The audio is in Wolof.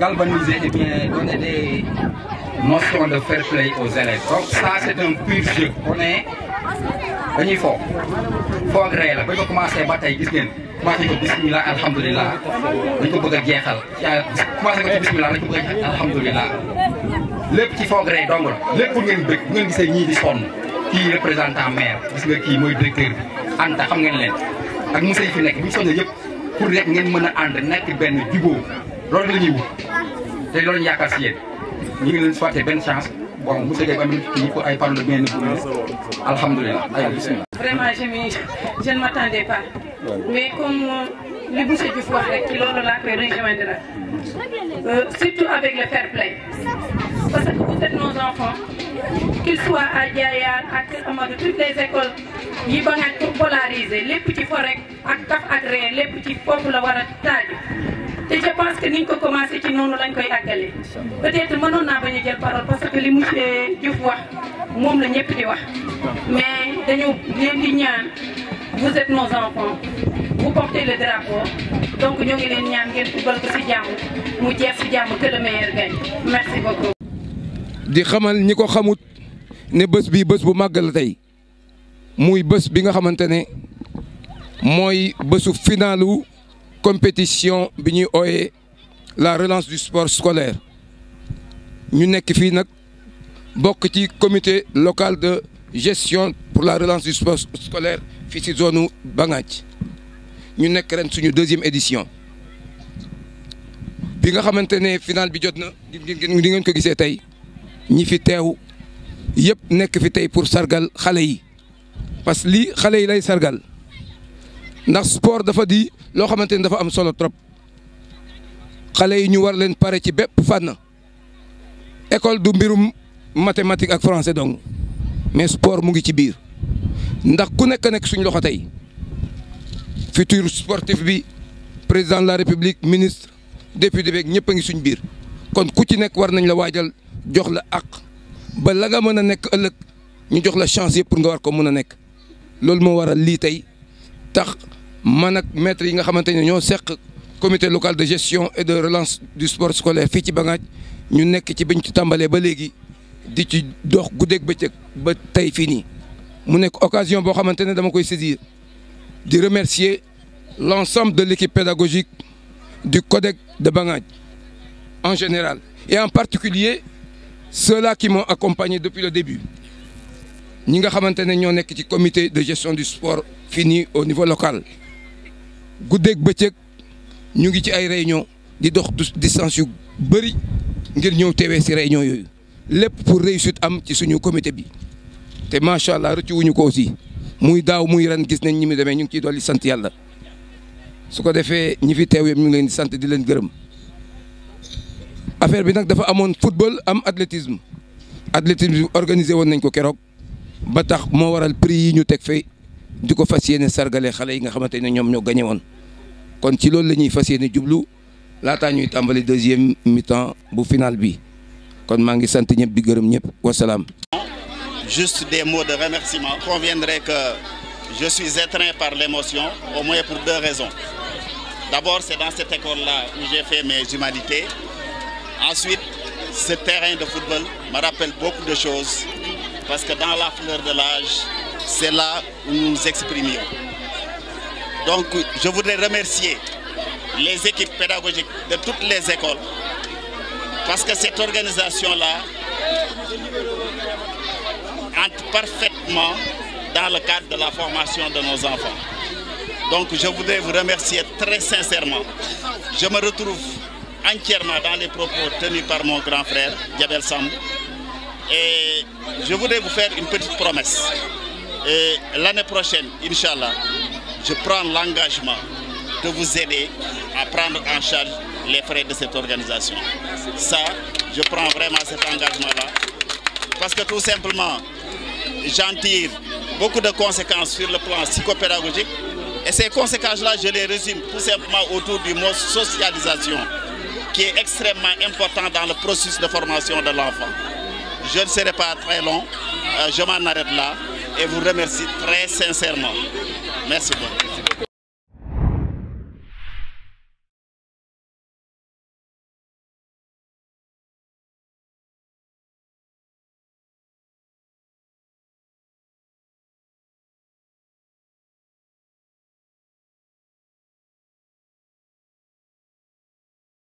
galvaniser et eh bien donner des notions de fair play aux élèves. Donc ça c'est un pur jeu. ba est dañuy fo foog la ba ñu ko commencé ba tey gis ngeen commencé ko bismillah alhamdulilah dañ ko bëgg jeexal ci bismillah dañ ko bëgg a jeexal alhamdulilah ci foog ree dong lépp pour ngeen bëgg bu ngeen gisee ñii di sonn kii représentant maire gis nga kii mooy directeur bi Anta xam ngeen leen ak monsieur yi fi nekk bu ñu soññee yëpp pour rek ngeen mën a ànd nekk benn jubóo loolu la ñuy wut te loolu ñu yaakaar si yéen ñu ngi leen souhaité benn chance bon monsieur Guèye ba mu nekk pour ay paroles ngeen di boole alhamdulilah aywa bisimilah. vraiment je me je ne m'attendais pas. mais comme euh, li monsieur Diouf wax rek ci loolu laa koy rejoindre la euh, surtout avec le fair parce que vous êtes nos enfants qu'ils soient à Diayar ak Amadou toutes les écoles ba nga pour polariser lépp ci fo rek ak kaf ak ree lépp ci foofu la war a taaju. te je pense que niñ ko commencé ci noonu lañ koy àggale peut mënoon naa bañ jël parole parce que li monsieur Diouf wax moom la ñëpp di wax mais dañu leen di ñaan vous êtes nos enfants vous portez le drapeau donc ñoo ngi leen ñaan ngeen fubal ko si jàmm mu jeex si jàmm que le merci beaucoup. di xamal ñi ko xamut ne bés bi bës bu màgg la tey muy bés bi nga xamante ne mooy bésu finalu. compétition bi ñuy ooyee la relance du sport scolaire ñu nekk fii nag bokk ci comité local de gestion pour la relance du sport scolaire fii ci zone Bangadj ñu nekk ren suñu deuxième édition bi nga xamante ne final bi jot na di ngeen ko gisee tey ñi fi teew yëpp nekk fi tey pour sargal xale yi parce que lii xale yi lay sargal ndax sport dafa di loo xamante ni dafa am solo trop xale yi ñu war leen pare ci bépp na école du mbirum mathématique ak français donc mais sport mu ngi ci biir ndax ku nekk nekk suñ loxo tey futur sportif bi président la république ministre député beeg ñëpp a ngi suñ biir kon ku ci nekk war nañ la waajal jox la àq ba la nga mën a nekk ëllëg ñu jox la chance yëpp pour nga war ko mën a nekk loolu moo waral lii tey tax. man ak maître yi nga xamante ne ñoo seq comité local de gestion et de relance du sport scolaire fii ci Bangaaj ñu nekk ci biñ ci tàmbalee ba léegi di ci dox guddeeg bëccëg ba tey fii nii mu nekk occasion boo xamante ne dama koy saisir di remercier l'ensemble de l'équipe pédagogique du CODEC de Bangaaj en général et en particulier ceux-là qui m'ont accompagné depuis le début ñi nga xamante ne ñoo nekk ci comité de gestion du sport fini au niveau local guddeeg bëccëg ñu ngi ci ay réunion di dox distance yu bëri ngir ñëw teewee si réunion yooyu lépp pour réussite am ci suñu comité bi te macha allah rëccu ñu ko aussi muy daaw muy ren gis nañ ñi mu demee ñu ngi ciy dolli sant yàlla su ko defee ñi fi teewee yëpp ñu ngi leen di sant di leen gërëm affaire bi nag dafa amoon football am athlétisme athlétisme organisé woon nañ ko keroog ba tax moo waral prix yi ñu teg fay di ko fas yéene sargale xale yi nga xamante ne ñoom ñoo gañe woon kon ci loolu la ñuy fas yéene jublu laataa ñuy tàmbali deuxième mi bu final bi kon maa ngi sant ñëpp di gërëm ñëpp wasalaam. juste des mots de remerciement. Il conviendrait que je suis étreint par l'émotion, au moins pour deux raisons. D'abord, c'est dans cette école-là où j'ai fait mes humanités. Ensuite, ce terrain de football me rappelle beaucoup de choses parce que dans la fleur de l'âge, c'est là où nous nous exprimions. Donc, je voudrais remercier les équipes pédagogiques de toutes les écoles parce que cette organisation-là entre parfaitement dans le cadre de la formation de nos enfants. Donc, je voudrais vous remercier très sincèrement. Je me retrouve entièrement dans les propos tenus par mon grand frère, Diabel Sambou. Et je voudrais vous faire une petite promesse. Et l'année prochaine, allah je prends l'engagement de vous aider à prendre en charge les frais de cette organisation. Ça, je prends vraiment cet engagement-là. Parce que tout simplement, j'en tire beaucoup de conséquences sur le plan psychopédagogique. Et ces conséquences-là, je les résume tout simplement autour du mot socialisation, qui est extrêmement important dans le processus de formation de l'enfant. Je ne serai pas très long, euh, je m'en arrête et vous remercie très sincèrement. Merci beaucoup.